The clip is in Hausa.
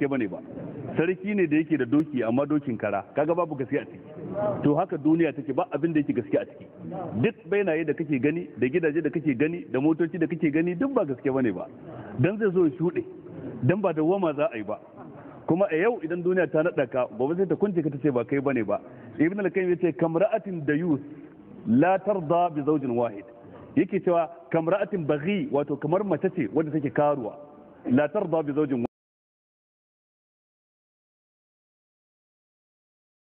gaske bane ba sarki ne da yake da doki amma dokin kara kaga babu gaske a ciki to haka duniya take ba abin da yake gaske a ciki duk bainaye da kake gani da gidaje da kake gani da motoci da kake gani duk ba gaske bane ba dan zai zo shuɗe dan ba da wama za a yi ba kuma a yau idan duniya ta nada ka gobe sai ta kunce ka tace ba kai bane ba ibn al-qayyim yace kamra'atin dayus la tarda bi zawjin wahid yake cewa kamra'atin baghi wato kamar mace ce wanda take karuwa la tarda bi zawjin